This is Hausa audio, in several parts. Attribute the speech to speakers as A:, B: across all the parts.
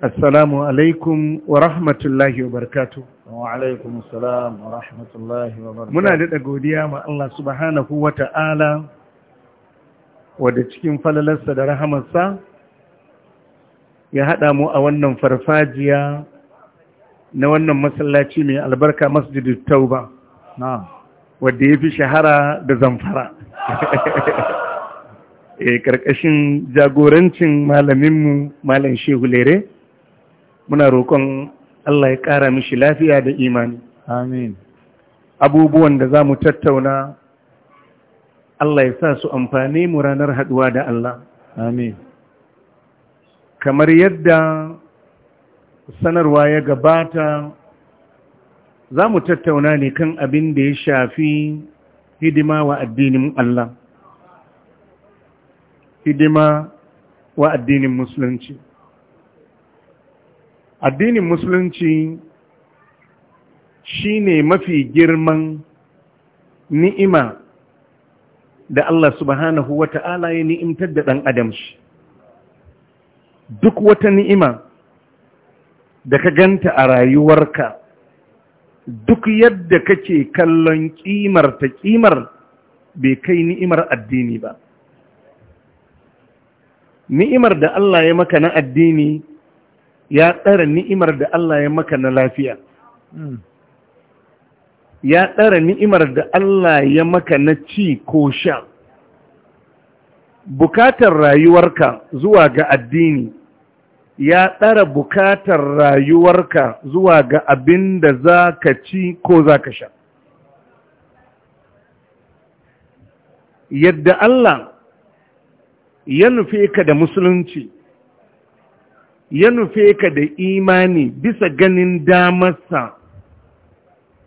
A: Assalamu alaikum wa rahmatullahi wa barkatu.
B: Wa alaikum salam wa rahmatullahi wa barkatu. Muna daɗa
A: godiya ma Allah subhanahu wa ta'ala wadda cikin falalarsa da rahamarsa ya haɗa mu a wannan farfajiya na wannan masallaci mai albarka Masjid tauba wadda ya fi shahara da zamfara. E, ƙarƙashin jagorancin malaminmu Malam Shehu Lere. muna roƙon Allah ya ƙara mishi lafiya da imani amin abubuwan da za mu tattauna Allah ya sa su amfani mu ranar haɗuwa da Allah amin kamar yadda sanarwa ya gabata za mu tattauna ne kan abin da ya shafi hidima wa addinin Allah hidima wa addinin musulunci addinin musulunci shi ne mafi girman ni'ima da Allah subhanahu wa ta'ala ya ni'imtar da ɗan adam shi duk wata ni'ima da ka ganta a rayuwarka duk yadda kake kallon kimar ta kimar bai kai ni'imar addini ba ni'imar da Allah ya maka na addini ya tsara ni'imar da Allah ya maka na lafiya hmm. ya tsara ni'imar da Allah ya maka na ci ko sha bukatar rayuwarka zuwa ga addini ya tsara bukatar rayuwarka zuwa ga abin da za ka ci ko za ka sha yadda Allah ya nufi ka da musulunci ya nufe ka da imani bisa ganin damarsa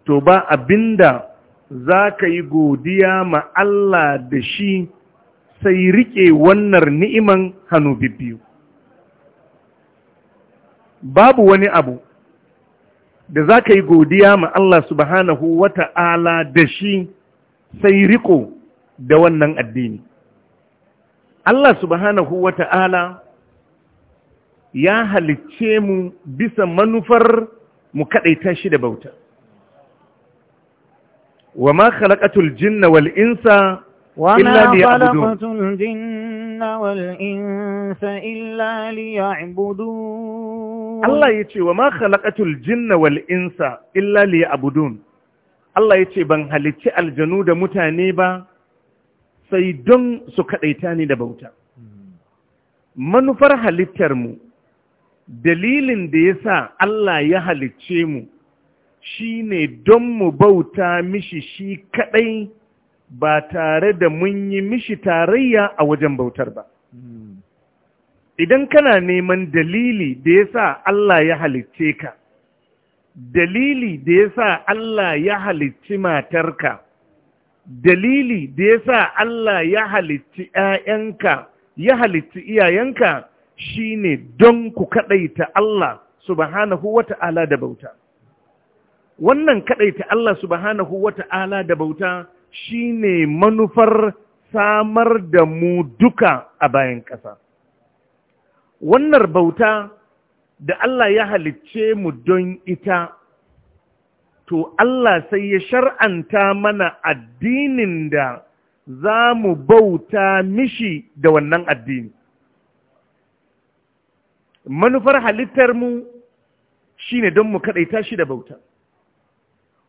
A: to ba abinda za ka yi godiya ma Allah da shi sai riƙe wannan ni'iman hannu biyu. Babu wani abu da za ka yi godiya ma Allah subhanahu wa ta'ala da shi sai riko da wannan addini. Allah subhanahu wa ta'ala ya halicce mu bisa manufar mu kaɗaita shi da bauta wa ma khalaqatul jinna wal insa
B: illa liya'budun Allah
A: yace wa ma khalaqatul jinna wal insa illa liya'budun Allah yace ban halicci aljanu da mutane ba sai don su kaɗaita ni da bauta hmm. manufar halittar mu dalilin da ya sa Allah ya halicce mu shi ne don mu bauta mishi shi kaɗai ba tare da mun yi mishi tarayya a wajen bautar ba. Idan kana neman dalili da ya sa Allah ya halicce ka, dalili da ya sa Allah ya halicci matarka, dalili da ya sa Allah ya halicci ‘ya'yanka, ya halicci iyayenka, Shi ne don ku kaɗaita Allah subhanahu ta’ala da bauta wannan kaɗaita Allah subhanahu ta'ala da bauta shi ne manufar samar da mu duka a bayan ƙasa wannan bauta da Allah ya halicce mu don ita to Allah sai ya shar'anta mana addinin da za mu bauta mishi da wannan addini manufar halittarmu shi ne don mu kaɗaita shi da bauta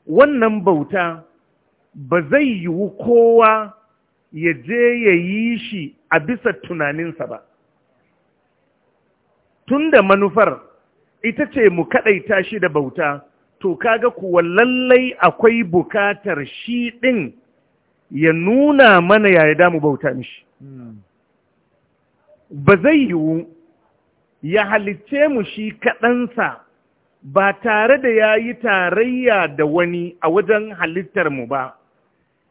A: wannan bauta ba zai yiwu kowa ya je ya yi shi a bisa tunaninsa ba tunda manufar ita ce mu kaɗaita shi da bauta to kaga kuwa lallai akwai bukatar shi ɗin ya nuna mana yaya damu bauta mishi hmm. ba zai yiwu ya halicce mu shi kaɗansa ba tare da ya yi tarayya da wani a wajen halittar mu ba,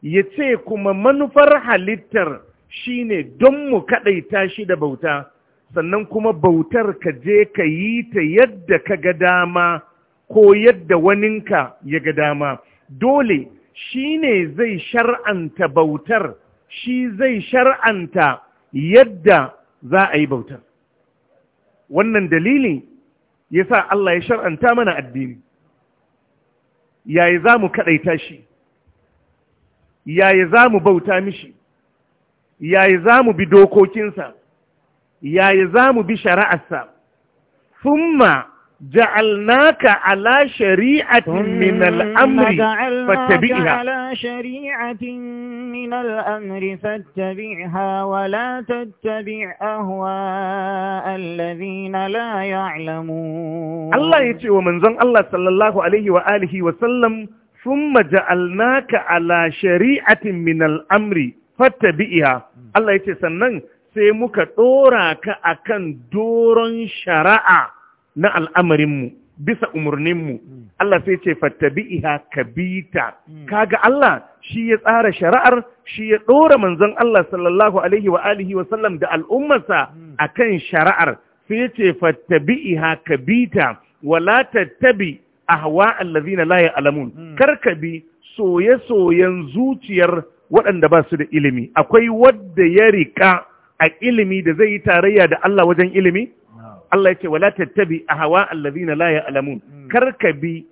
A: ya ce kuma manufar halittar shi ne don mu kaɗaita shi da bauta, sannan kuma bautar ka je ka yi ta yadda ka ga dama ko yadda waninka ya ga dama. Dole shi ne zai shar'anta bautar, shi zai shar'anta yadda za a yi bautar. wannan dalili ya sa Allah ya shar'anta mana addini yayi za mu kaɗaita shi yayi za mu bauta mishi yayi za mu bi dokokinsa yayi za mu bi shari'arsa summa جعلناك على شريعة من الأمر فاتبعها على
B: شريعة من الأمر فاتبعها ولا تتبع أهواء الذين لا يعلمون
A: الله يتي ومن زن الله صلى الله عليه وآله وسلم ثم جعلناك على شريعة من الأمر فاتبعها الله يتي سنن سيمك دورك أكن دور شرعا na al'amarinmu bisa umarninmu hmm. Allah sai ce fattabi'iha kabita hmm. kaga Allah shi ya tsara shari'ar shi ya ɗora manzon Allah sallallahu alaihi wa alihi wa sallam da al'ummarsa hmm. kan shari'ar sai ya ce fattabi'iha kabita wala tattabi ahwa allazina Kar ka karkabi soye-soyen zuciyar waɗanda ba su da ilimi akwai wadda ya rika a ilimi da zai yi tarayya da Allah wajen ilimi Allah ya ce wala tattabi ahwa allazina la ya'lamun hmm. kar ka bi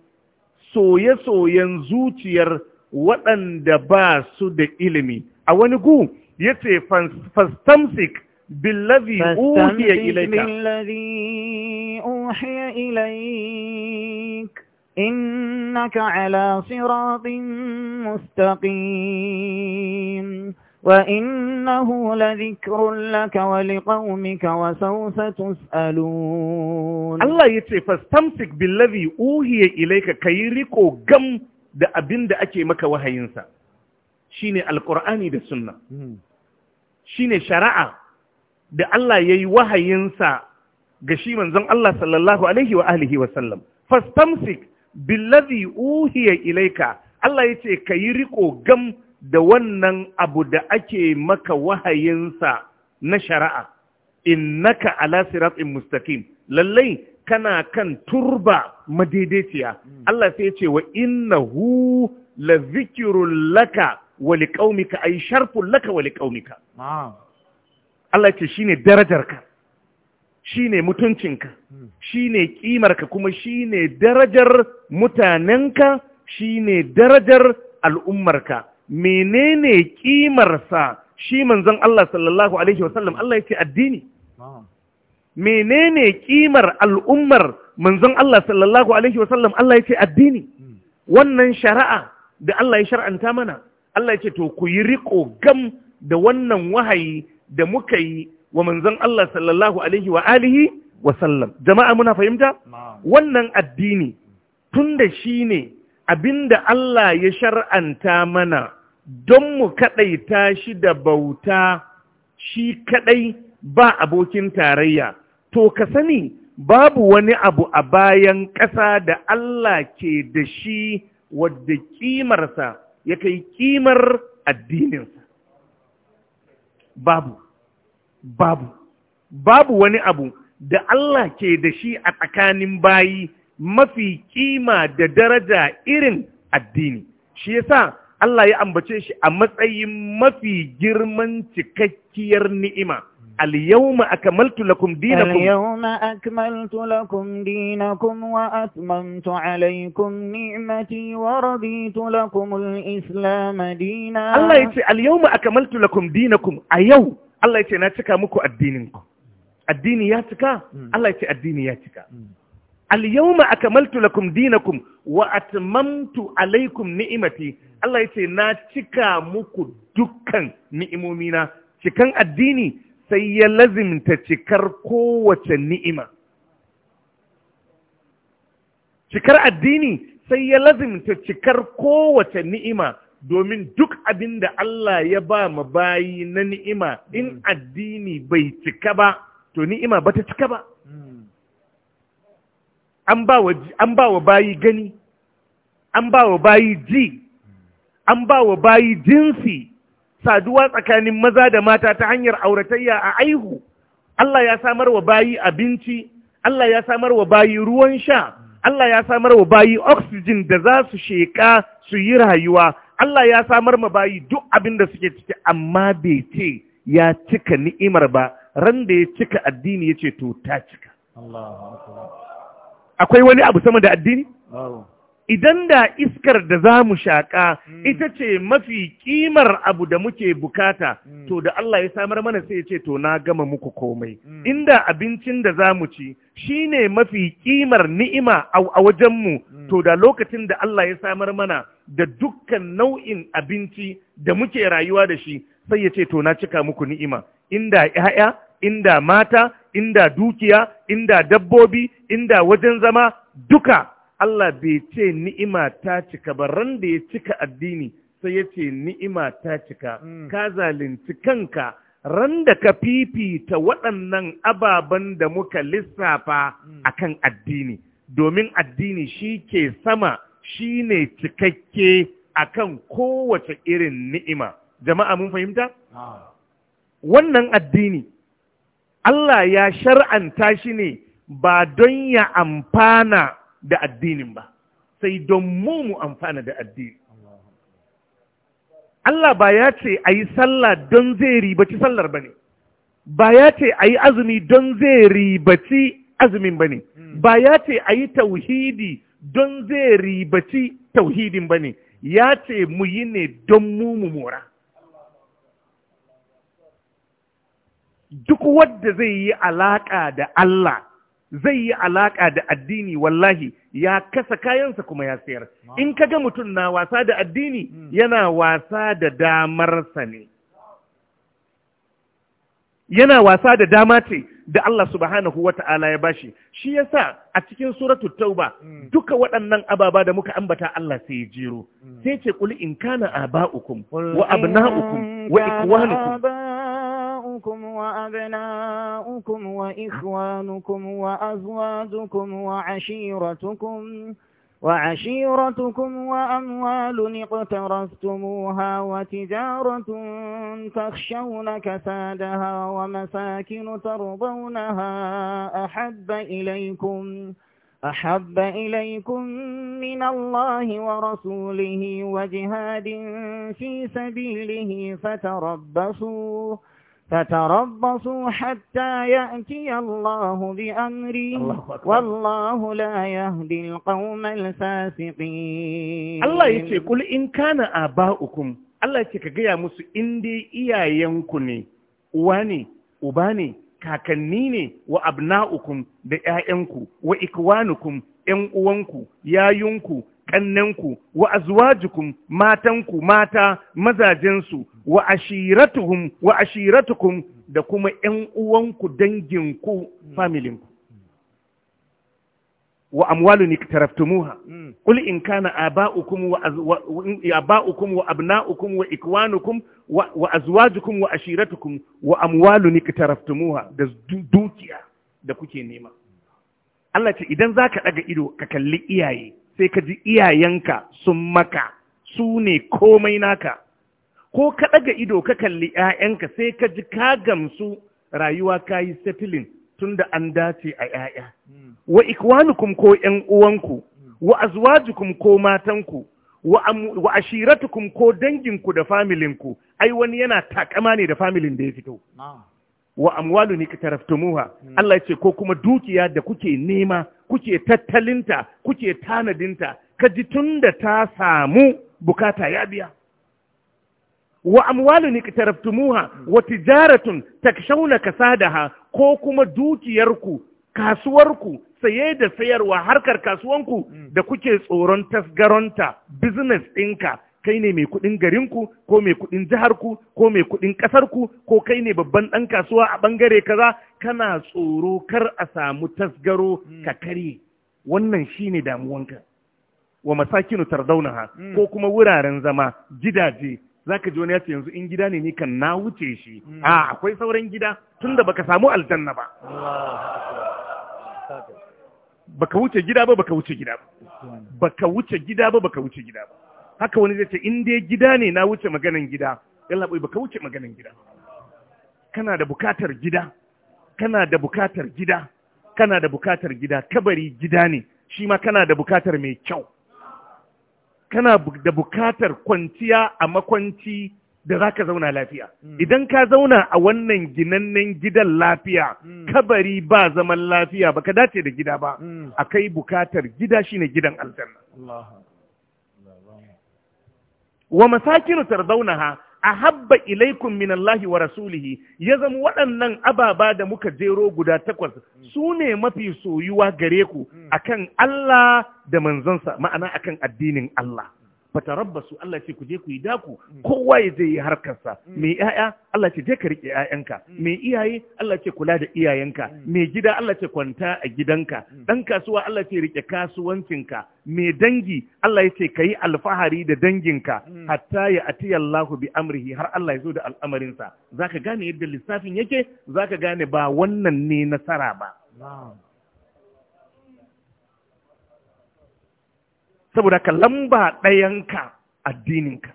A: soye-soyen zuciyar waɗanda ba su da ilimi a wani gu ya ce
B: fastamsik billazi uhiya ilaika إنك على siratin مستقيم وإنه لذكر لك ولقومك وسوف تسألون الله يتي فاستمسك بالذي أوهي إليك كي ريكو قم da abin
A: da ake maka wahayinsa shine alkur'ani da sunna hmm. shine shari'a da Allah yayi wahayinsa ga shi manzon Allah sallallahu alaihi wa alihi wa sallam fastamsik billadhi uhiya ilayka Allah yace kayi riko gam da wannan abu da ake maka wahayinsa na shari'a innaka ala in mustaqim lallai kana kan turba madaidaiciya hmm. Allah sai ce wa innahu la zikrul laka wa liqaumika ay sharfun laka wa liqaumika Allah ce shine darajarka shine mutuncinka hmm. shine kimarka kuma shine darajar mutanenka shine darajar al'ummarka menene kimarsa shi manzon Allah sallallahu alaihi wasallam Allah ya ce addini menene kimar al'ummar manzon Allah sallallahu alaihi wasallam Allah ya ce addini hmm. wannan shari'a da Allah ya shar'anta mana Allah ya ce to ku yi riko gam da wannan wahayi da muka yi wa manzon Allah sallallahu alaihi wa alihi wasallam sallam jama'a muna fahimta wannan addini tunda shine abinda Allah ya shar'anta mana don mu kaɗaita shi da bauta shi kaɗai ba abokin tarayya, to ka sani babu wani abu a bayan ƙasa da Allah ke da shi wadda ƙimarsa ya kai ƙimar addininsa. Babu, babu, babu wani abu da Allah ke da shi a tsakanin bayi mafi kima da daraja irin addini shi yasa Allah ya ambace shi a matsayin mafi girman cikakkiyar ni'ima al yawma akmaltu lakum dinakum al yawma
B: akmaltu lakum dinakum wa atmamtu alaykum ni'mati wa raditu lakum al islam dinan Allah yace
A: al yawma akmaltu lakum dinakum ayau Allah yace na cika muku addinin addini ya cika hmm. Allah yace addini ya cika hmm. al-yawma akamaltu lakum dinakum wa atmamtu alaykum ni'imati Allah yace na cika muku dukkan ni'imomina cikan addini sai ya lazimta cikar kowace ni'ima cikar addini sai ya lazimta cikar kowace ni'ima domin duk abin da Allah ya ba ma bayi na ni'ima in addini bai cika ba to ni'ima bata cika ba hmm. an ba wa bayi gani an ba wa bayi ji an ba wa bayi jinsi saduwa tsakanin maza da mata ta hanyar auratayya a aihu Allah ya samar wa bayi abinci Allah ya samar wa bayi ruwan sha Allah ya samar wa bayi oxygen da za su sheƙa su yi rayuwa Allah ya samar ma bayi duk abin da suke ciki amma bai ce ya cika ni'imar ba ran da ya cika addini ya ce to ta cika
B: Allah
A: akwai wani abu sama da addini idan da iskar da za mu shaƙa hmm. ita ce mafi ƙimar abu da muke bukata hmm. to da Allah ya samar mana sai ya ce to na gama muku komai hmm. inda abincin da za mu ci shi ne mafi ƙimar ni'ima a wajenmu to da lokacin da Allah ya samar mana da dukkan nau'in abinci da muke rayuwa da shi sai ya ce to na cika muku ni'ima inda 'ya'ya inda mata inda dukiya inda dabbobi inda wajen zama duka Allah bai ce ni'ima ta cika ba ran da ya cika addini sai ya ce ni'ima ta cika hmm. ka zalunci kanka ran da ka fifita waɗannan ababen da muka lissafa hmm. akan addini domin addini shi ke sama shi ne cikakke akan kowace irin ni'ima jama'a mun fahimta? Ah. wannan addini Allah ya shar'anta shi ne ba don ya amfana da addinin ba, sai don mu mu amfana da addini. Allah ba ya ce a yi sallah don zai ribaci sallar ba ne, ba ya ce a yi azumi don zai ribaci azumin ba ne, hmm. ba ya ce a yi tauhidi don zai ribaci tauhidin ba ne, ya ce mu yi ne don mu mu mora. duk wadda zai yi alaƙa da Allah zai yi alaƙa da addini wallahi ya kasa kayansa kuma ya sayar in ka ga mutum na wasa da addini hmm. yana wasa da damarsa ne yana wasa da dama ce da Allah subhanahu wa ta'ala ya bashi shi ya sa a cikin suratu tauba hmm. duka waɗannan ababa da muka ambata Allah sai ya jero hmm. sai ce kul in kana aba'ukum wa abna'ukum wa ikwanukum
B: أبناؤكم وأبناؤكم وإخوانكم وأزواجكم وعشيرتكم وعشيرتكم وأموال اقترفتموها وتجارة تخشون كسادها ومساكن ترضونها أحب إليكم أحب إليكم من الله ورسوله وجهاد في سبيله فتربصوا فتربصوا حتى يأتي الله بأمره الله والله لا يهدي القوم الفاسقين الله يتي قل إن
A: كان آباؤكم الله يتي كجيا مسو إندي إيا ينكني واني وباني kakanni ne wa abna'ukum da ‘ya'yanku, wa ikwanukum, ‘yan uwanku, yayunku, kannanku wa azwajukum matanku mata mazajensu wa ashiratuhum wa ashiratukum da kuma ƴan uwanku danginku hmm. familinku wa ni taraftumuha hmm. qul in kana aba'ukum wa aba'ukum wa abna'ukum wa ikwanukum wa azwajukum wa ashiratukum wa ni taraftumuha da dukiya da kuke nema Allah ce idan zaka daga ido ka kalli iyaye sai ka ji iyayenka sun maka su ne komai naka ko ka ɗaga ido ka kalli 'ya'yanka sai ka ji ka gamsu rayuwa ka yi settling tun da an dace a 'ya'ya wa ikwanukum ko 'yan uwanku wa azwajukum ko matanku wa ashiratukum ko danginku da familinku ai wani yana takama ne da familin da ya fito wa amwalu ni ka taraftumuha hmm. Allah ya ce ko kuma dukiya da kuke nema kuke tattalinta kuke tanadinta ka ji tun da ta samu bukata ya biya wa amwalun iqtaraftumuha wa tijaratun takshawna kasadaha ko kuma dukiyarku kasuwarku saye da sayarwa harkar kasuwanku mm. da kuke tsoron tasgaronta business ɗinka kai ne mai kuɗin garinku ko mai kuɗin jiharku ko mai kuɗin ƙasarku ko kai ne babban ɗan kasuwa a ɓangare kaza kana tsoro kar a samu tasgaro hmm. ka kare wannan shine damuwanka wa masakinu ha? Hmm. ko kuma wuraren zama gidaje zaka ji wani ya ce yanzu in gida ne ni kan na wuce shi hmm. a akwai sauran gida tunda baka samu aljanna ba baka wuce gida ba baka wuce gida ba baka wuce gida ba baka wuce gida ba haka wani zai ce in dai gida ne na wuce maganan gida yalla bai baka wuce maganan gida kana da bukatar gida kana da bukatar gida kana da bukatar gida kabari gida ne shi ma kana da bukatar mai kyau kana da bukatar kwanciya a makwanci da za ka zauna lafiya. Hmm. Idan ka zauna a wannan ginannen gidan lafiya, hmm. kabari ba zaman lafiya ba ka dace da gida ba, hmm. akai bukatar gida shine gidan aljanna. wa masakinu tardaunaha ahabba ilaikum min Allahi wa rasulihi ya zama waɗannan ababa da muka jero guda takwas su ne mafi soyuwa gare ku hmm. akan Allah da manzansa ma'ana akan addinin Allah fatarabbasu Allah ce ku je ku yi daku mm. kowa ya je yi harkarsa mm. mai yaya Allah ce je ka riƙe yayanka mm. mai iyaye Allah ce kula da iyayenka mai gida Allah ce kwanta a gidanka dan kasuwa Allah ce riƙe kasuwancinka mai dangi Allah ya ce yi alfahari da danginka hatta ya atiya Allah bi amrihi har Allah ya zo da al'amarinsa zaka gane yadda lissafin yake zaka gane ba wannan ne nasara ba saboda ka lamba ɗayanka addininka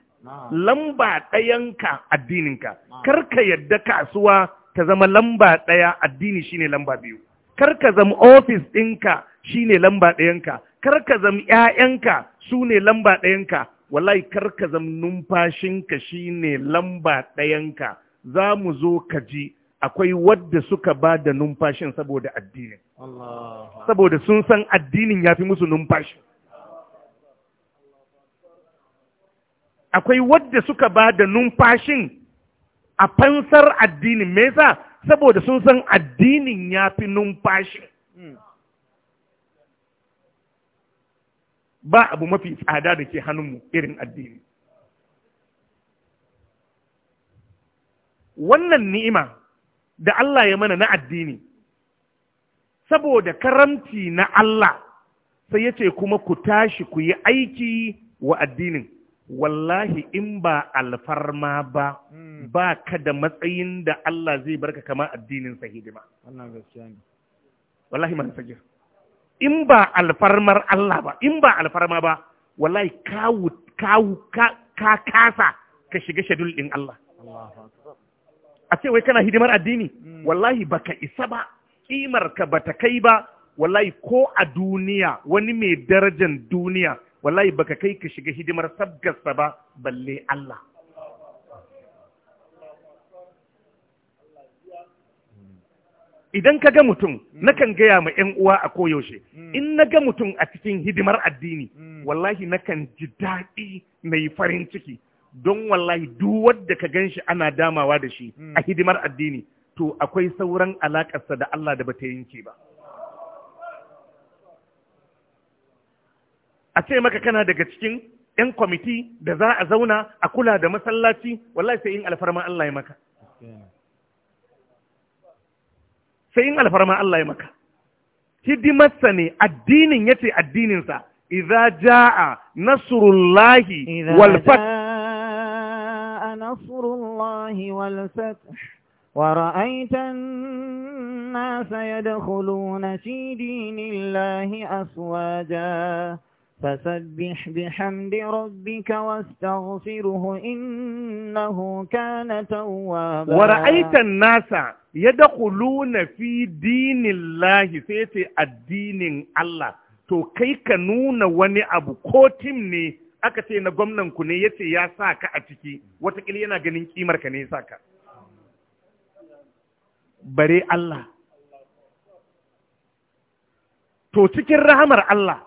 A: lamba ɗayanka addininka kar ka yadda kasuwa ta zama lamba ɗaya addini shine lamba biyu kar ka zama ofis ɗinka shine lamba ɗayanka kar ka zama ƴaƴanka su ne lamba ɗayanka wallahi kar ka zama numfashinka shine lamba ɗayanka za mu zo ka ji akwai wadda suka ba da numfashin saboda addinin saboda sun san addinin ya fi musu numfashin akwai wadda suka ba da numfashin a fansar addinin me yasa saboda sun san addinin ya fi numfashin hmm. ba abu mafi tsada da ke hannunmu irin addini wannan ni'ima da Allah ya mana na addini saboda karamci na Allah sai ya ce kuma ku tashi ku yi aiki wa addinin wallahi in ba alfarma ba hmm. ba ka da matsayin da Allah zai barka kama addinin sa hidima wallahi man sagir in ba alfarmar Allah ba in ba alfarma ba wallahi kawu ka kasa ka shiga shadul din Allah a ce wai kana hidimar addini hmm. wallahi ba ka isa ba kimar ka ta kai ba wallahi ko a duniya wani mai darajan duniya wallahi baka kai ka shiga hidimar sabgarsa ba balle Allah idan ka ga mutum hmm. nakan gaya ma 'yan uwa a koyaushe hmm. in na ga mutum a cikin hidimar addini hmm. wallahi nakan ji daɗi na yi farin ciki don wallahi duk wadda ka ganshi ana damawa da shi a hidimar addini to akwai sauran alaƙarsa da Allah da bata yanke ba. a ce maka kana daga cikin ‘yan kwamiti da za a zauna a kula da masallaci wallahi sai in alfarma Allah ya maka. Sai in alfarma Allah ya maka. Hidimarsa ne addinin ya ce addininsa, Iza ja'a walfat... Iza fath.
B: نصر الله والفتح ورأيت الناس يدخلون في دين الله أسواجا فسبح بحمد ربك واستغفره إنه كان توابا ورأيت
A: الناس يدخلون في دين الله سيتي الدين الله to kai ka nuna wani abu ko tim aka ce na gwamnan ku ne ya ce ya sa ka a ciki watakila yana ganin kimar ka ne ya bare Allah to cikin rahamar Allah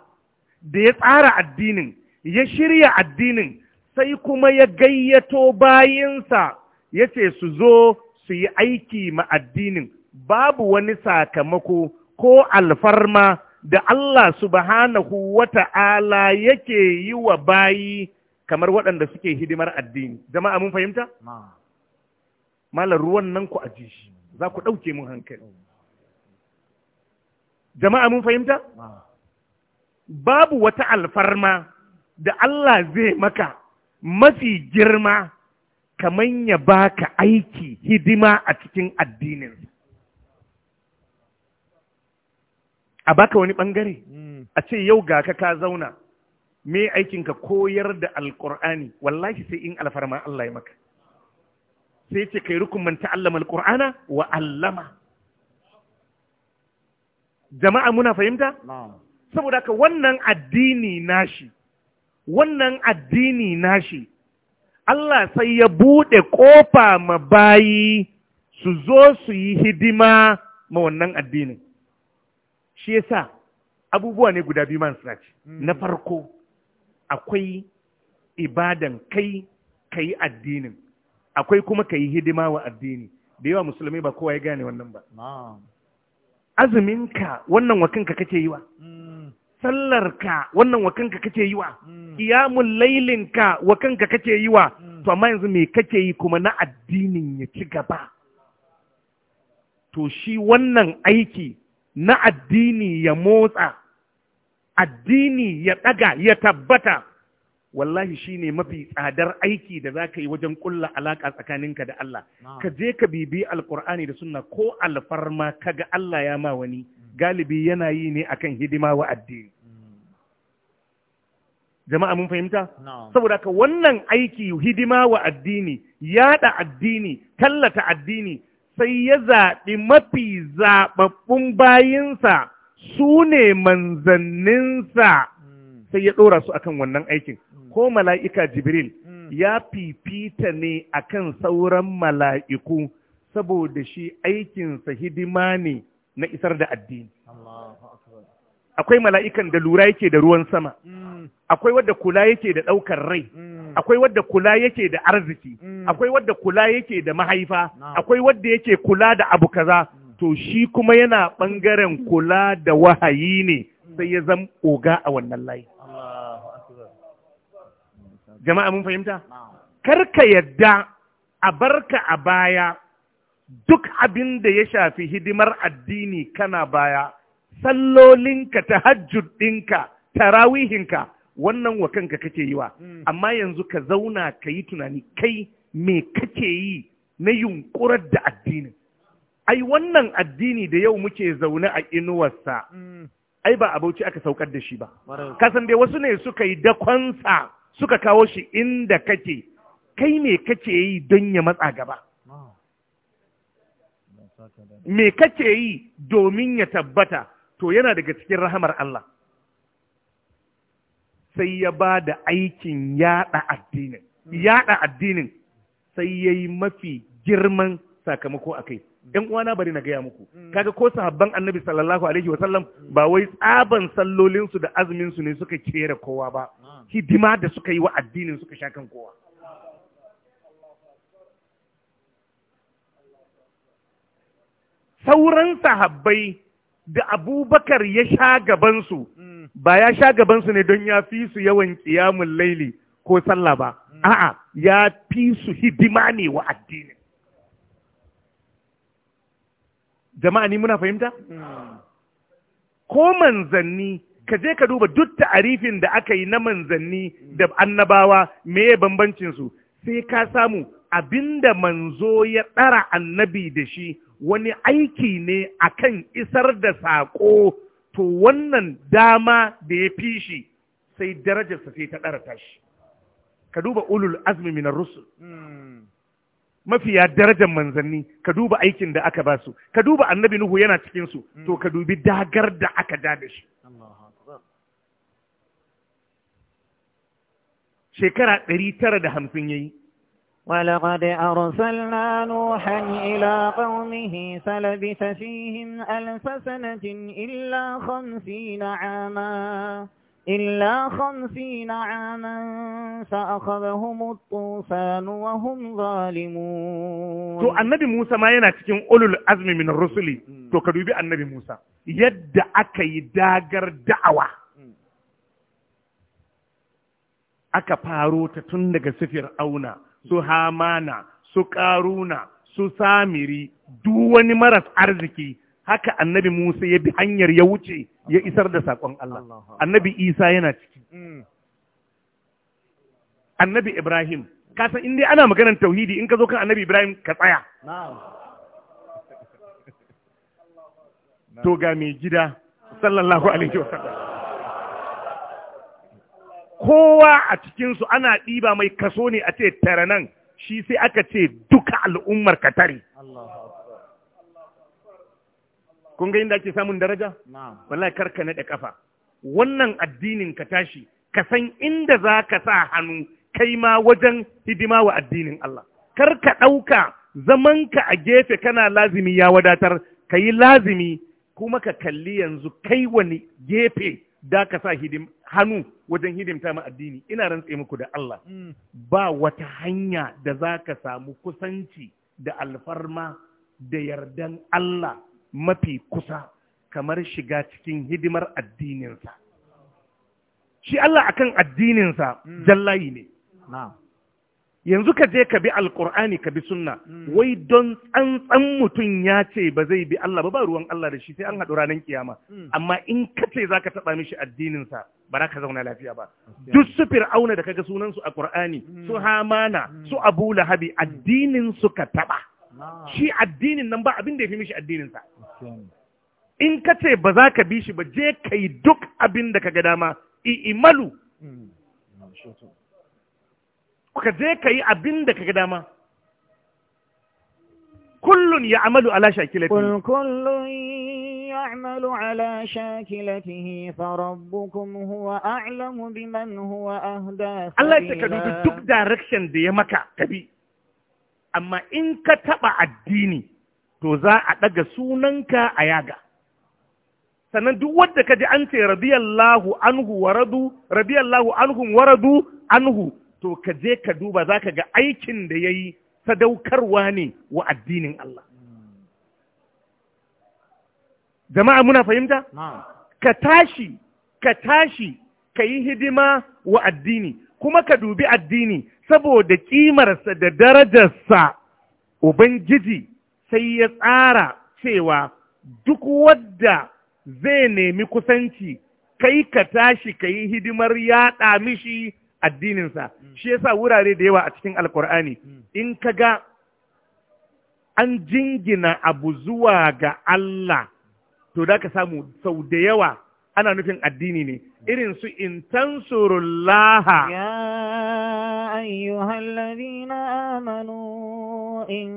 A: da ya tsara addinin ya shirya addinin sai kuma ya gayyato bayinsa ya ce su zo su yi aiki ma addinin babu wani sakamako ko alfarma da Allah subhanahu wa ta'ala yake yi wa bayi kamar waɗanda suke hidimar addini. Jama'a mun fahimta? Malar ruwan nan ku aji shi, za ku ɗauke mun hankali. Jama'a mun fahimta? babu wata alfarma da Allah zai maka mafi girma kamar ya baka aiki hidima a cikin addinin A baka wani bangare? Hmm. a ce yau ga ka ka zauna, me aikinka koyar da alƙur'ani, wallahi sai in alfarma Allah ya maka. Sai ce kai rukun ta'allama alƙur'ana wa allama. Jama'a muna fahimta? saboda ka wannan addini nashi wannan addini nashi Allah sai ya buɗe ƙofa ma bayi su zo su yi hidima ma wannan addinin shi yasa abubuwa ne guda biyu man sace hmm. na farko akwai ibadan kai ka yi addinin akwai kuma ka yi hidima wa addini da yawa musulmi ba kowa ya gane wannan ba azuminka wannan wakinka kake yi wa hmm. Sallar ka wannan wa kanka kake yi wa hmm. lailin ka wa kanka kake yi wa hmm. to amma yanzu me kake yi kuma na addinin ya ci gaba to shi wannan aiki na addini ya motsa addini ya ɗaga ya tabbata wallahi shi ne mafi tsadar aiki da za ka yi wajen ƙulla alaƙa tsakaninka da Allah ka je ka bibi alƙur'ani da sunna ko alfarma kaga Allah ya ma wani galibi yana yi ne akan hidima wa addini jama'a mun fahimta saboda ka wannan aiki hidima wa addini yada addini tallata addini sai ya zaɓi mafi zaɓaɓɓun bayinsa su ne manzanninsa hmm. sai ya ɗora su akan wannan aikin hmm. ko mala'ika jibril hmm. ya fifita ne akan sauran mala'iku saboda shi aikinsa hidima ne na isar da addini akwai mala'ikan da lura yake da ruwan sama mm. akwai wadda kula yake da ɗaukar rai mm. akwai wadda kula yake da arziki mm. akwai wadda kula yake da mahaifa akwai wadda yake kula da abu kaza to shi kuma yana ɓangaren kula da wahayi ne sai ya zan oga a wannan layi jama'a mun fahimta karka yadda a barka a baya duk abin da ya shafi hidimar addini kana baya sallolinka ta tahajjud ɗinka tarawihinka wannan wa kanka kake yi wa hmm. amma yanzu ka zauna ka yi tunani kai me kake yi na yunƙurar da addini. ai wannan addini da yau muke zaune a inuwarsa hmm. ai ba abauci aka saukar da shi ba kasan dai wasu ne suka yi dakonsa suka kawo shi inda kake kai me kake yi don ya matsa gaba me kake yi domin ya tabbata to yana daga cikin rahamar Allah sai ya ba da aikin yada addinin yada addinin sai ya yi mafi girman sakamako a kai ‘yan uwana bari na gaya muku mm. kaga ko sahabban annabi sallallahu alaihi wasallam ba wai tsaban sallolinsu da azuminsu ne suka kera kowa ba hidima da suka yi wa addinin suka sha kan kowa sauran sahabbai da abubakar ya sha gabansu mm. ba ya sha gabansu ne don ya fi su yawan ƙiyamun laili ko sallah ba mm. a'a ya fi su hidima ne wa addinin jama'a ni muna fahimta mm. ko manzanni ka je ka duba duk ta'arifin da aka yi na manzanni da annabawa meye bambancin su sai ka samu abinda manzo ya tsara annabi da shi wani aiki ne akan isar da saƙo to wannan dama da ya fi shi sai darajarsa sai ta ɗara tashi ka duba ulul azmi minar rusul mafiya darajar manzanni ka duba aikin da aka basu ka duba annabi nuhu yana cikinsu, to ka dubi dagar da aka da da shi shekara ɗari tara
B: da hamsin yayi ولقد أرسلنا نوحا إلى قومه فلبث فيهم ألف سنة إلا خمسين عاما إلا خمسين عاما فأخذهم الطوفان وهم ظالمون تو
A: النبي موسى ما ينا cikin أولو الأزم من الرسل تو كدو ka النبي موسى Musa yadda aka yi dagar da'awa aka faro ta su hamana su ƙaruna su samiri duk wani maras arziki haka annabi Musa ya bi hanyar ya wuce ya isar da saƙon Allah annabi Isa yana
B: ciki
A: annabi Ibrahim kasan inda ana maganar tauhidi in ka zo kan annabi Ibrahim ka tsaya to ga mai gida sallallahu alaihi wasallam kowa a cikinsu ana ɗiba mai kaso ne a ce tare nan shi sai aka ce duka al'ummar ka tare. Kun ga inda ake samun daraja? Wallahi karka naɗe ƙafa. Wannan addinin ka tashi, ka san inda za ka sa hannu kai ma wajen hidima wa addinin Allah. Kar ka ɗauka zamanka a gefe kana lazimi ya wadatar, ka yi lazimi kuma ka kalli yanzu kai wani gefe da ka sa hidim hannu wajen hidimta ma addini ina rantse muku da Allah hmm. ba wata hanya da za ka samu kusanci da alfarma da yardan Allah mafi kusa kamar shiga cikin hidimar addininsa shi Allah akan addininsa hmm. jallayi ne yanzu ka je ka bi alkur'ani ka bi sunna hmm. wai don tsantsan mutum ya ce ba zai bi Allah ba ba ruwan Allah da shi sai an haɗu ranar kiyama hmm. amma in ka ce za ka taɓa mishi addininsa ba za ka zauna lafiya ba duk su fir'auna da kaga sunansu a qur'ani hmm. su hamana su abu lahabi addinin su ka taɓa ah. shi addinin nan ba abin da ya fi mishi addininsa in ka ce ba za ka bi shi ba je ka duk abin da ka ga dama i'malu ka je ka yi abin da ka ga dama kullun ya amalu ala shakilatihi kul
B: kullun ya'malu ala shakilatihi fa rabbukum huwa a'lamu biman huwa ahda Allah ya ka kaddu duk
A: direction da ya maka tabi amma in ka taɓa addini to za a ɗaga sunanka a yaga sannan duk wadda ka kaji an ce radiyallahu anhu wa radu radiyallahu anhum wa radu anhu to ka je ka duba za ka ga aikin da ya yi sadaukarwa ne wa addinin Allah. Jama'a muna fahimta? Ka tashi, ka tashi, ka yi hidima wa addini, kuma ka dubi addini saboda ƙimarsa da darajarsa Ubangiji sai ya tsara cewa duk wadda zai nemi kusanci, kai ka tashi ka yi hidimar yaɗa mishi addininsa mm. shi yasa wurare da yawa a cikin alkur'ani mm. in ka ga an jingina abu zuwa ga Allah to da ka samu sau da yawa ana nufin addini ne irin su in tansurullaha
B: ya ayyuhallazina amanu إن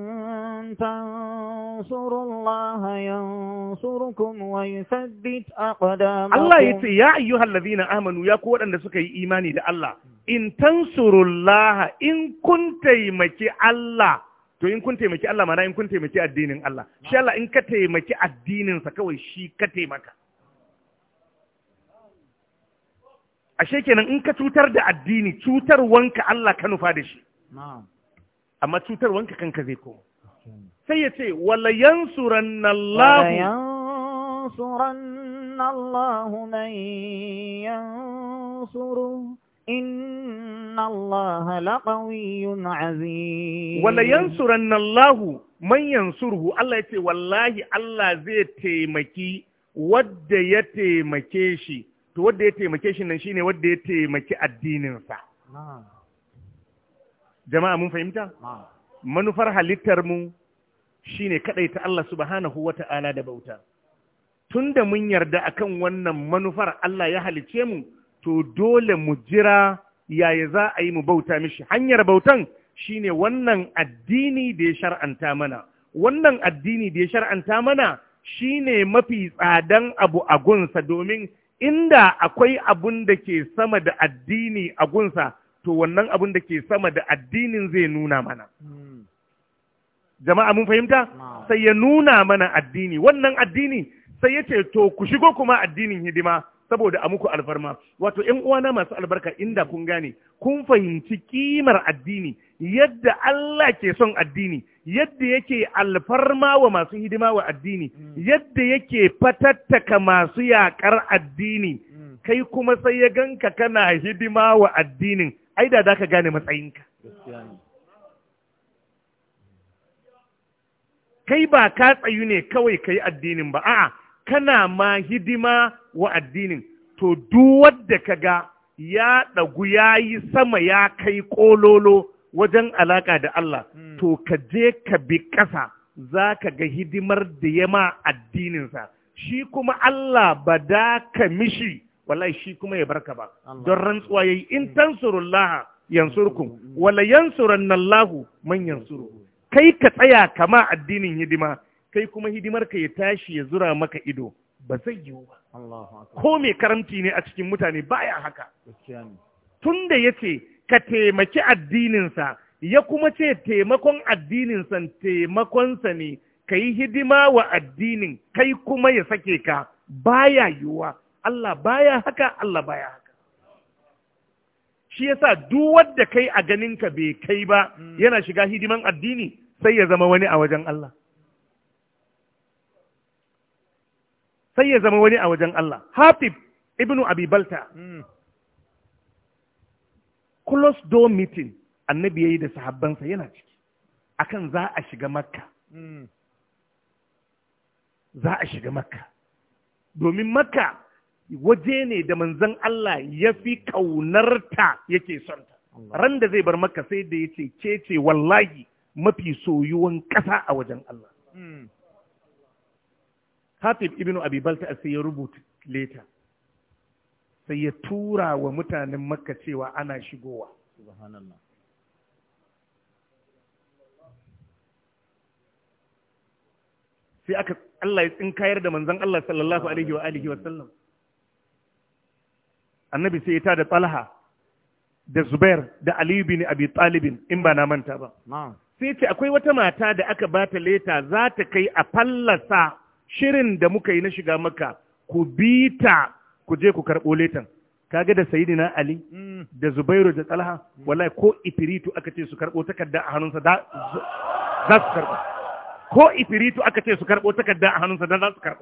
B: تنصروا الله ينصركم ويثبت أقدامكم الله يتي
A: يا أيها الذين آمنوا يا قوة أن سكي إيماني لله إن تنصروا الله إن كنت يمكي الله to in kun taimaki Allah mana in kun taimaki addinin Allah shi Allah in ka taimaki addinin sa kawai shi ka taimaka ashe kenan in ka cutar da addini cutar wanka Allah ka nufa da
B: shi na'am
A: amma wanka kanka zai koma sai ya ce wala yansuranna Allah
B: yansuranna Allah man yansuru inna Allah laqawiyyun aziz wala
A: Allah Allah ya ce wallahi Allah zai taimaki wadda ya taimake shi to wadda ya taimake shi nan shine wadda ya taimaki addininsa jama'a mun fahimta manufar halittar mu shine kadai ta Allah subhanahu wata'ala da bauta tunda mun yarda akan wannan manufar Allah ya halice mu to dole mu jira yaya za a yi mu bauta mishi hanyar bautan shine wannan addini da ya shar'anta mana wannan addini da ya shar'anta mana shine mafi tsadan abu a gunsa domin inda akwai abun da ke sama da addini a gunsa to wannan abin da ke sama da addinin zai nuna mana. Hmm. Jama'a mun fahimta? Sai ya nuna mana addini, wannan addini sai ya ce to ku shigo kuma addinin hidima saboda a muku alfarma. Wato ‘yan uwana masu albarka inda kun gane, kun fahimci kimar addini, yadda Allah ke son addini, yadda yake alfarma wa masu hidima wa addini, hmm. yadda yake fatattaka masu yaƙar addini, hmm. kai kuma sai ya ganka kana hidima wa addinin. ai da za ka gane matsayinka kai ba ka tsayu ne kawai ka yi addinin ba a'a kana ma hidima wa addinin to duk wadda ka ga ya ɗagu ya yi sama ya kai ƙololo wajen alaƙa da Allah hmm. to ka je ka bi ƙasa za ka ga hidimar da ya ma addininsa shi kuma Allah ba da ka mishi wallahi shi kuma ya barka ba don rantsuwa yayi in tansurullah yansurkum mm, mm, mm. wala yansurannallahu man yansuru kai ka tsaya kama addinin hidima kai kuma hidimar ka ya tashi ya zura maka ido ba zai
B: yiwu ba ko
A: mai karamci ne a cikin mutane baya haka Tunda da ya ce ka taimaki addininsa ya kuma ce taimakon addininsa taimakonsa ne ka yi hidima wa addinin kai kuma ya sake ka baya yiwuwa Allah baya haka Allah baya haka shi yasa duk wanda kai a ganinka bai kai ba hmm. yana shiga hidiman addini sai ya zama wani a wajen Allah sai ya zama wani a wajen Allah Hafib ibnu Abi Balta hmm. close door meeting annabi yayi da sahabbansa yana ciki akan za a shiga makka hmm. za a shiga makka domin makka waje ne da manzon Allah ya fi kaunarta yake son ta ran da zai bar maka sai da ya ce ce wallahi mafi soyuwan ƙasa a wajen Allah hmm. Hatib ibn Abi Balta sai ya rubuta leta sai ya tura wa mutanen maka cewa ana shigowa sai aka Allah ya tsinkayar da manzon Allah sallallahu alaihi wa alihi wa sallam annabi sai ya da talha da zubair da aliyu bin abi talibin in ba na manta ba sai ce akwai wata mata da aka ba ta leta za ta kai a fallasa shirin da muka yi na shiga maka ku bi ta ku je ku karɓo letan kaga da sayidina ali mm. da zubairu da talha mm. wallahi ko ifiritu aka ce su karɓo takarda a hannunsa da za su karɓo ko ifiritu aka ce su karɓo takarda a hannunsa da za su karɓo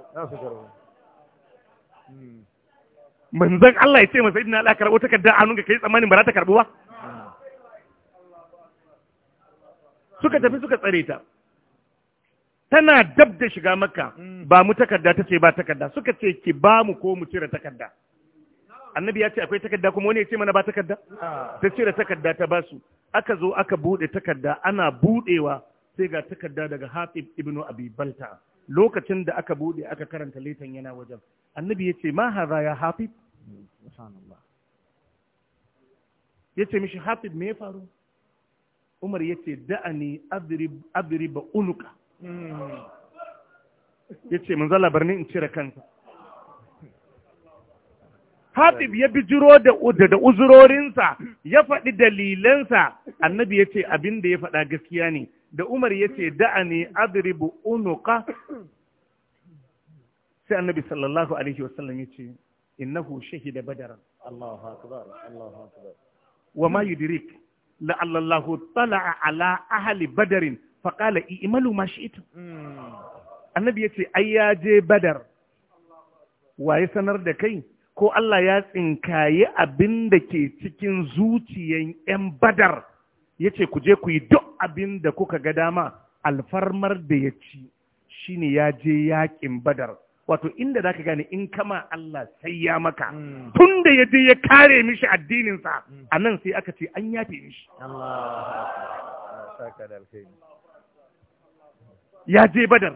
A: mm. manzan Allah ya ce masa idina Allah karɓo takardar hannun ka kai tsammanin ba za ta karɓo ba suka tafi suka tsare ta tana dab da shiga makka ba mu takarda ta ce ba takarda suka ce ki ba mu ko mu cire takarda annabi ya ce akwai takarda kuma wani ya ce mana ba takarda ta cire takarda ta basu aka zo aka bude takarda ana budewa sai ga takarda daga Hafib ibn Abi Balta lokacin da aka bude aka karanta letan yana wajen annabi ya ce ma haza ya Hafib yace mishi hafid me ya faru umar yace da'ani abiri ba unuka yace mun zala birnin in cire kansa Hatib ya bijiro da da uzurorinsa ya faɗi dalilansa annabi ya ce abin da ya faɗa gaskiya ne da Umar ya ce da'ani adribu unuka sai annabi sallallahu alaihi wasallam ya ce innahu shahida badara
B: Allahu akbar
A: wa ma yudrik la'alla Allah ala ahli badarin fa qala i'malu ma shi'tum annabi yace ai ya je badar Wa ya sanar da kai ko Allah ya tsinkaye abinda ke cikin zuciyan 'yan badar ya ce ku je ku yi duk abin da kuka ga dama alfarmar da ya ci shi ne ya je yaƙin badar wato inda zaka gane in kama Allah sai ya maka hmm. tun da ya je ya kare mishi addininsa hmm. a nan sai aka ce an yafe mishi ya je badar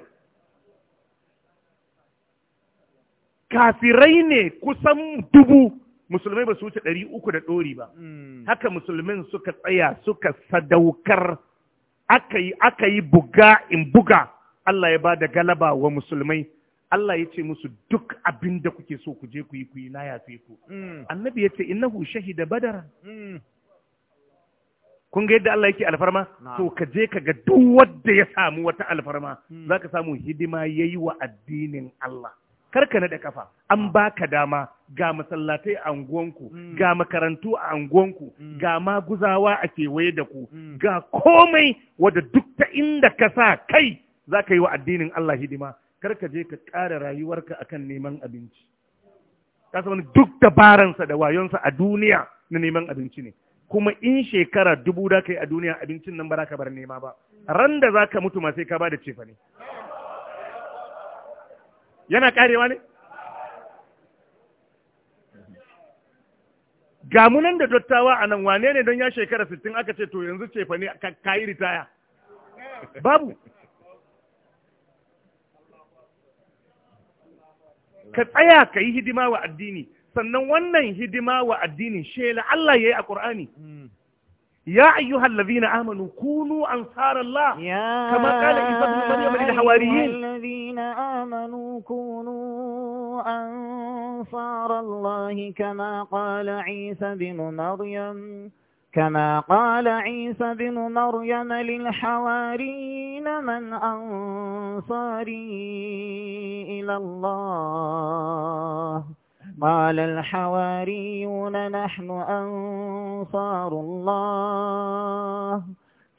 A: kafirai ne kusan dubu musulmai ba su wuce ɗari uku da ɗori ba hmm. haka musulmin suka tsaya suka sadaukar aka yi buga in buga Allah ya ba da galaba wa musulmai Allah ya ce musu duk abin da kuke so ku je ku yi ku yi na fi ku. Hmm. Annabi ya ce innahu shahida badara. Hmm. Kun ga yadda Allah yake alfarma? To ka je ka ga duk wanda ya samu wata alfarma hmm. za ka samu hidima ya yi wa addinin Allah. Karka da kafa, an ba ka dama ga masallatai a unguwanku. ga makarantu a unguwanku. ga maguzawa a kewaye da ku, ga komai wadda duk ta inda ka sa kai za ka yi wa addinin Allah hidima. karka je ka ƙara rayuwarka a kan neman abinci kasa wani duk dabaransa da wayonsa a duniya na neman abinci ne kuma in shekara dubu da yi a duniya abincin nan ba ka bar nema ba ran da za ka mutu masu yi ka ba da cefa ne
B: yana karewa ne
A: gamunan da dottawa a nan wane ne don ya shekara sittin aka ce to yanzu cefa ne ka yi ritaya babu ka tsaya ka yi hidima wa addini sannan wannan hidima wa addinin shela Allah ya yi a Ƙur'ani. يا أيها الذين آمنوا كونوا أنصار
B: الله يا كما قال عيسى بن مريم للحواريين يا الذين آمنوا كونوا أنصار الله كما قال عيسى بن مريم كما قال عيسى بن مريم للحوارين من أنصاري إلى الله قال الحواريون نحن أنصار الله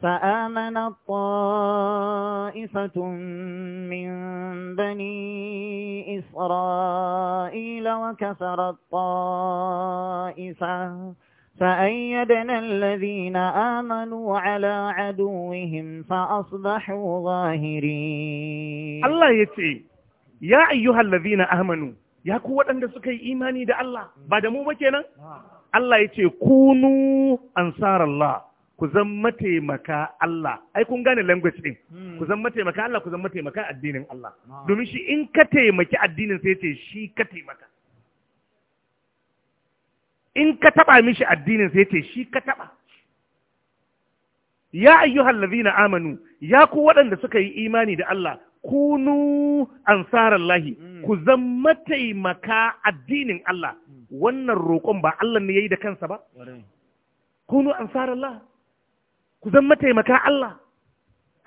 B: فآمن الطائفة من بني إسرائيل وكفر الطائفة فأيدنا الذين آمنوا على عدوهم فأصبحوا ظاهرين الله
A: يتي يا أيها الذين آمنوا يا قوة أن سكي إيماني دا الله بعد مو بكينا الله يتي كونوا أنصار الله ku zan mataimaka Allah ai kun gane language ɗin. ku zan mataimaka Allah ku mataimaka addinin Allah domin shi in ka taimaki addinin sai ce shi ka taimaka in ka taɓa mishi addinin sai ce shi ka taɓa ya hallazi na amanu ya ku waɗanda suka yi imani da Allah kunu lahi mm. ku zama taimaka addinin Allah mm. wannan roƙon ba Allah ne ya yi da kansa ba kunu ansarallah ku zama taimaka Allah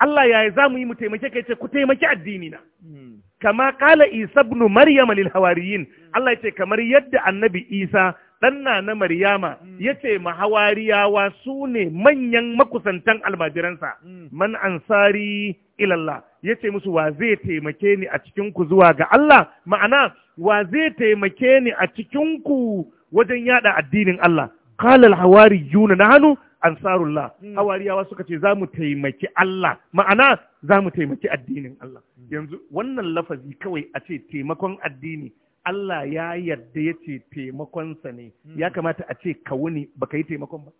A: Allah yaya za mu yi mu taimake kai ce ku taimaki addini na mm. kama kala Isa bin Maryam lil hawariyin Allah ce kamar yadda annabi Isa ɗanna na Maryama mm. ya ce mahawariyawa su ne manyan makusantan almajiransa mm. man ansari ilallah ya ce musu wa zai taimake ni a cikinku zuwa ga Allah ma'ana wa zai taimake ni a cikinku wajen yada addinin Allah kalal hawari yuna na hannu ansarullah mm. hawariyawa suka ce za mu taimaki Allah ma'ana za mu taimaki addinin Allah yanzu wannan lafazi kawai a ce taimakon addini Allah ya yarda ya ce taimakonsa ne hmm. ya kamata a ce kawu ba ka yi taimakon ba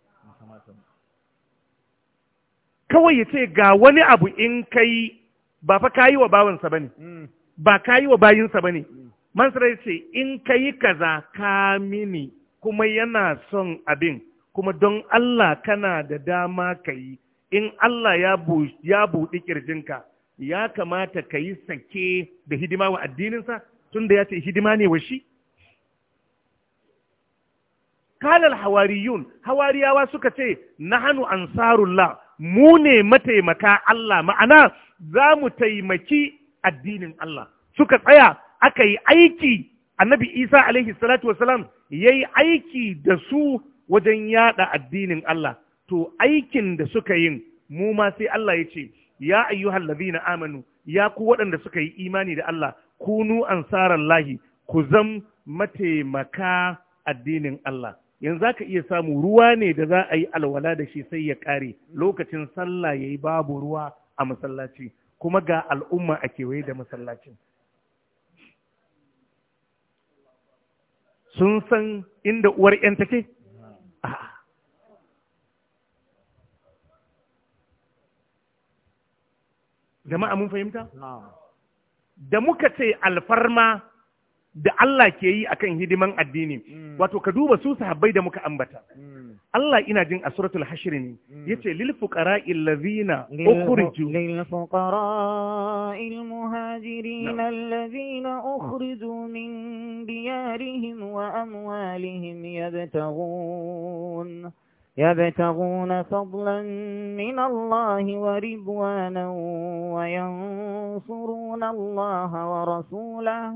A: kawai ya ce ga wani abu in ka yi ba fa ka yi wa bawansa ba ne hmm. ba ka yi wa bayinsa ba ne hmm. mansura ya ce in ka yi kaza ka mini kuma yana son abin kuma don Allah kana da dama ka yi in Allah ya buɗi ƙirjinka ya kamata ka yi sake da hidima wa addininsa tunda ya ce hidima ne wa shi kalal hawariyun hawariyawa suka ce na hannu ansarullah mu ne mataimaka Allah ma'ana za mu taimaki addinin Allah suka tsaya aka yi aiki annabi Isa alaihi salatu wasalam ya yi aiki da su wajen yada addinin Allah to aikin da suka yin mu ma sai Allah ya ce ya ayyuhal na amanu ya ku waɗanda suka yi imani da Allah kunu ansarallahi ku zam mataimaka addinin Allah yanzu aka iya samu ruwa ne da za a yi alwala da shi sai ya ƙare lokacin sallah ya yi babu ruwa a masallaci kuma ga al'umma a kewaye da masallacin sun san inda uwar ‘yan take? jama'a mun fahimta? da muka ce alfarma da Allah ke yi akan hidiman addini mm. wato ka duba su sahabbai da muka ambata mm. Allah ina jin a suratul hashr ne mm. yace lil fuqara allazina ukhriju lil
B: fuqara al ukhriju min diyarihim wa amwalihim yabtaghun يبتغون فضلا من الله ورضوانا وينصرون الله ورسوله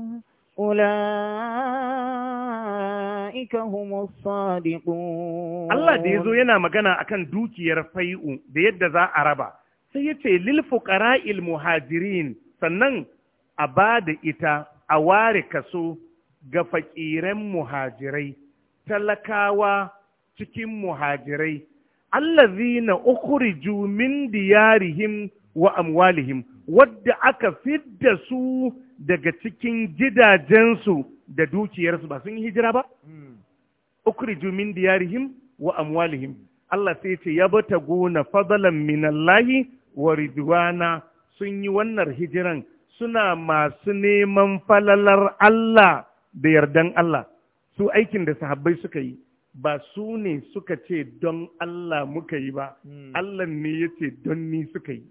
B: ula'ika humus sadiqun Allah da yazo
A: yana magana akan dukiyar fai'u da yadda za a raba sai yace lil fuqara'il muhajirin sannan a bada ita a ware kaso ga fakiran muhajirai talakawa cikin muhajirai na ukhriju min diyarihim wa amwalihim wadda aka fidda su daga cikin gidajensu da dukiyarsu ba sun yi hijira ba hmm. ukhriju min diyarihim wa amwalihim Allah sai ce ya bata gona fadalan minallahi wa ridwana sun yi wannan hijiran suna masu neman falalar Allah da yardan Allah su aikin da sahabbai suka yi ba su ne suka ce don Allah muka yi ba, hmm. Allah ne ya ce don ni suka yi.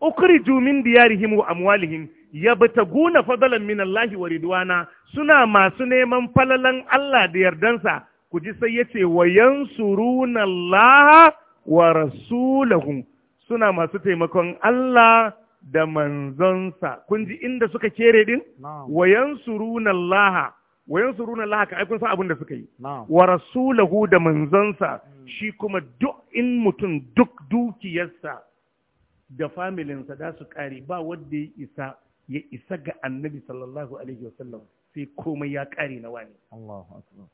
A: Ukhriju min diyarihim wa amwalihim yabtaguna fadalan min Allah wa ridwana suna masu neman falalan Allah da yardansa ku ji sai yace wa yansuruna Allah wa rasulahu suna masu taimakon Allah da manzonsa kun ji inda suka kere din wayan suruna Allah wayan suruna Allah ka aikun san abin da suka yi wa rasulahu da manzonsa hmm. shi kuma duk in mutum duk dukiyarsa da familinsa da su kare ba wanda ya isa ya isa ga annabi sallallahu alaihi wasallam sai komai ya kare
B: na wani Allahu akbar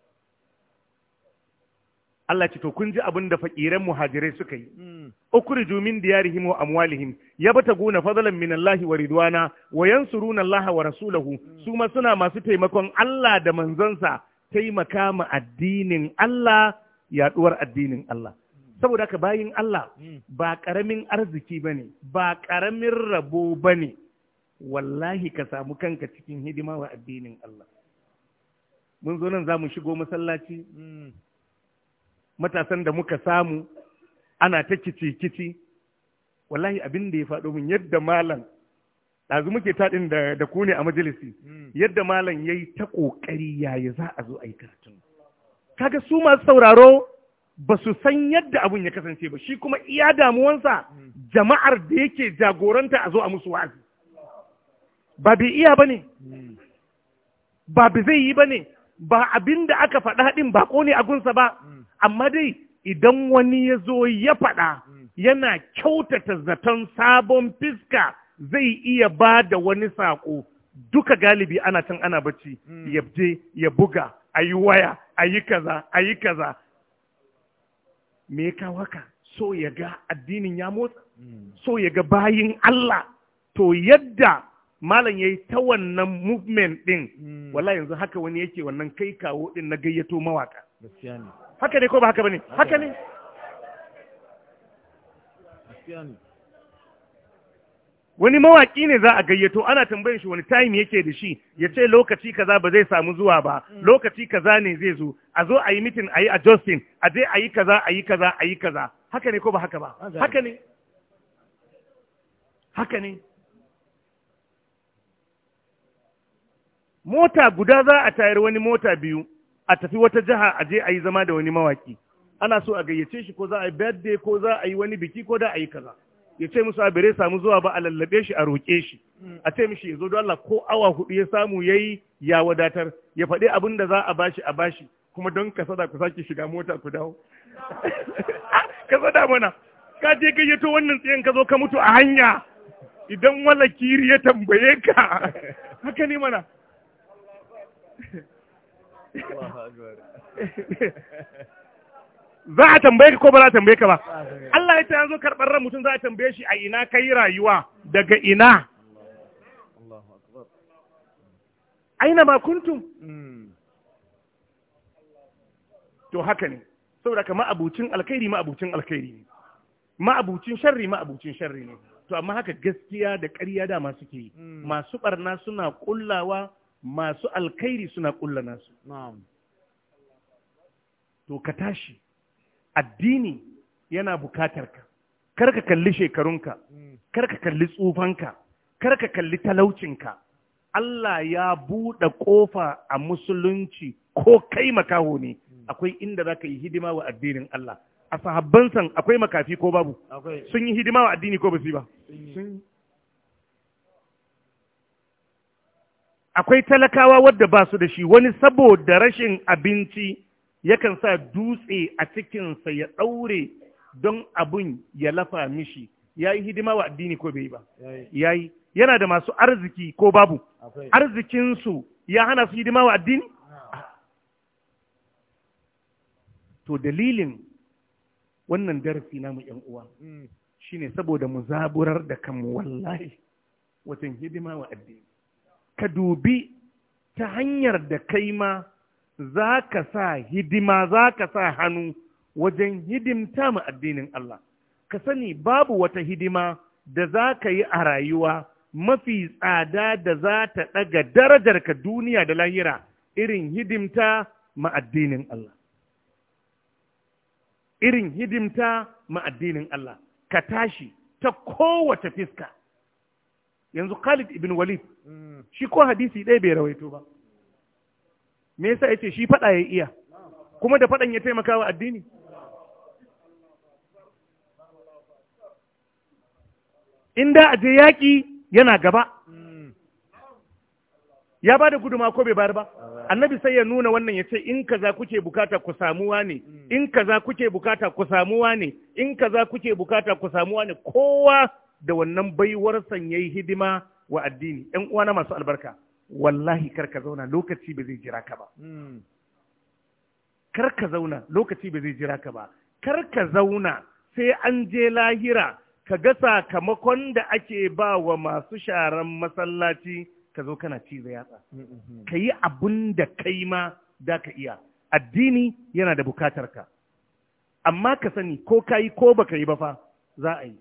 A: Allah ce to kun ji abin da fakiran muhajirai suka yi hmm. ukhriju min diyarihim wa amwalihim yabtaguna fadlan min Allah wa ridwana wa yansuruna Allah wa rasulahu hmm. su ma suna masu taimakon Allah da manzansa taimaka ma addinin Allah yaduwar addinin Allah hmm. saboda ka bayin Allah ba karamin arziki ne, ba karamin rabo bane wallahi ka samu kanka cikin hidima wa addinin Allah mun zo nan za mu shigo masallaci matasan da muka samu ana ta kici-kici wallahi abin da ya faɗo min yadda malam ɗazu muke taɗin da ku ne a majalisi hmm. yadda malam ya yi ta ƙoƙari yayi za a zo a yi karatun kaga su masu sauraro ba su san yadda abun ya kasance ba shi kuma iya damuwansa hmm. jama'ar da yake jagoranta a zo a musu wa'azi ba bai iya ba ne hmm. ba bai zai yi ba ne ba abin da aka faɗa ɗin ko ne a gunsa ba amma dai idan wani ya zo ya faɗa hmm. yana kyautata zaton sabon fiska zai iya ba da wani saƙo duka galibi ana can ana bacci hmm. ya je ya buga a yi waya a yi kaza a yi kaza me ka waka so ya ga addinin ya motsa hmm. so ya ga bayin Allah to yadda malam ya yi ta wannan movement ɗin wala yanzu haka wani yake wannan kai kawo ɗin na gayyato mawaka. haka ne ko ba haka bane haka ne wani mawaki ne za a gayyato ana tambayar shi wani time yake da shi ya ce lokaci kaza ba zai samu zuwa ba mm. lokaci kaza ne zai zo a zo a yi mitin a yi a justin a je a yi kaza a yi kaza a yi kaza haka ne ko ba haka ba haka ne haka ne mota guda za a tayar wani mota biyu a tafi wata jiha a je a yi zama da wani mawaki ana so a gayyace shi ko za a yi birthday ko za a yi wani biki ko da a yi kaza ya ce musu abire samu zuwa ba a lallabe shi a roƙe shi a ce mishi ya zo don Allah ko awa hudu ya samu ya yi ya wadatar ya faɗi abin da za a bashi a bashi kuma don ka sada ku sake shiga mota ku dawo ka sada mana ka je gayyato wannan tsayen ka zo ka mutu a hanya idan wala kiri ya tambaye ka haka ne mana za a tambaye ka ko ba za a tambaye ka ba Allah ya ce yanzu karɓar ran mutum za a tambaye shi a ina kai rayuwa daga ina aina ba kuntum hmm. to haka ne saboda ka ma'abucin alkhairi ma'abucin alkhairi ne ma'abucin sharri ma'abucin sharri ne to amma haka gaskiya da ƙarya dama suke yi hmm. masu barna suna kullawa masu alkhairi suna kullana su to ka tashi addini yana bukatar ka kar ka kalli shekarunka mm. kar ka kalli tsufanka kar ka kalli talaucinka Allah ya buɗe ƙofa a musulunci ko kai makaho ne mm. akwai inda za ka yi hidima wa addinin Allah a sahabban san akwai makafi ko babu sun yi hidima wa addini ko ba su yi ba akwai talakawa wadda ba su da shi wani saboda rashin abinci yakan sa dutse a cikinsa ya ɗaure don abin ya lafa mishi ya yi hidima wa addini ko bai ba ya yi yana da masu arziki ko babu arzikinsu ya hana su hidima wa addini ah. to dalilin wannan darasi mu ‘yan uwa hmm. shine saboda mu zaburar da kanmu wallahi wajen hidima wa addini ka dubi ta hanyar da kai ma za ka sa hidima za ka sa hannu wajen hidimta mu addinin Allah ka sani babu wata hidima da za ka yi a rayuwa mafi tsada da za ta ɗaga ka duniya da lahira irin hidimta ma addinin Allah irin hidimta ma addinin Allah ka tashi ta kowace fiska yanzu Khalid ibn Walid hmm. shi ko hadisi ɗaya bai rawaito ba me yasa yace shi fada ya iya kuma da fadan ya taimaka wa addini inda a je yaki yana gaba hmm. ya bada da guduma ko bai bayar ba annabi sai ya nuna wannan ya ce in kaza kuke bukata ku samuwa ne hmm. in kaza kuke bukata ku samuwa ne in kaza kuke bukata ku samuwa ne kowa da wannan baiwar sanyayi hidima wa addini ‘yan uwana masu albarka wallahi karka zauna lokaci ba zai jira ka ba hmm. karka zauna lokaci ba zai jira ka ba karka zauna sai an je lahira ka ga sakamakon da ake ba wa masu sharan masallaci ka zo kana ci da yatsa
B: hmm. ka
A: yi abin da kai ma da ka iya addini yana da bukatar ka amma ka sani ko ka yi ko baka yi ba fa za a yi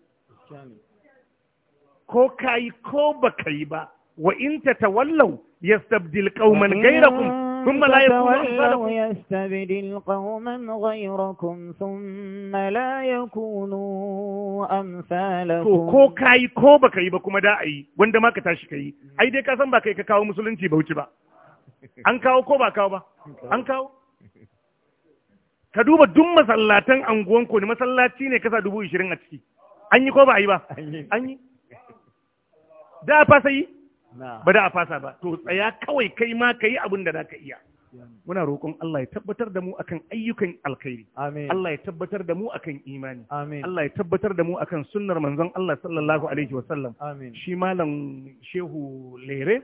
A: ko ka yi ko ba ka yi ba wa in ta wallau ya gaira tawallau yastabdil qauman ghayrakum ثم لا يكونوا
B: sun قوما غيركم ثم لا يكونوا أمثالكم ko ka
A: yi ko ba ka yi ba kuma da a yi wanda ma ka tashi ka yi ai dai ka san ba kai ka kawo musulunci ba wuce ba an kawo ko ba kawo ba an kawo ka duba duk masallatan anguwan ko ne masallaci ne kasa dubu ishirin a ciki an yi ko ba a yi ba an yi da a fasa yi ba da a fasa ba to tsaya kawai kai ma ka yi abin da za ka iya muna roƙon Allah ya tabbatar da mu akan ayyukan alkhairi Allah ya tabbatar da mu akan imani Allah ya tabbatar da mu akan sunnar manzon Allah sallallahu alaihi wasallam shi malam shehu lere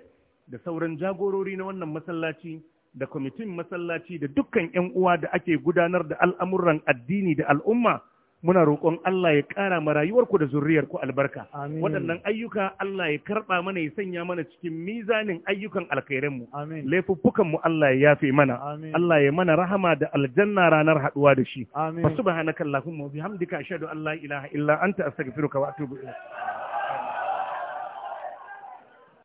A: da sauran jagorori na wannan masallaci da kwamitin masallaci da dukkan 'yan uwa da ake gudanar da al'amuran addini da al'umma muna roƙon Allah ya ƙara ma rayuwarku da ku albarka waɗannan ayyuka Allah ya karɓa mana ya sanya mana cikin mizanin ayyukan alkhairan mu laifuffukan mu Allah ya yafe mana Allah ya mana rahama da aljanna ranar haɗuwa da shi fa subhanakallahumma wa bihamdika ashhadu an la ilaha illa anta astaghfiruka wa atubu ilayk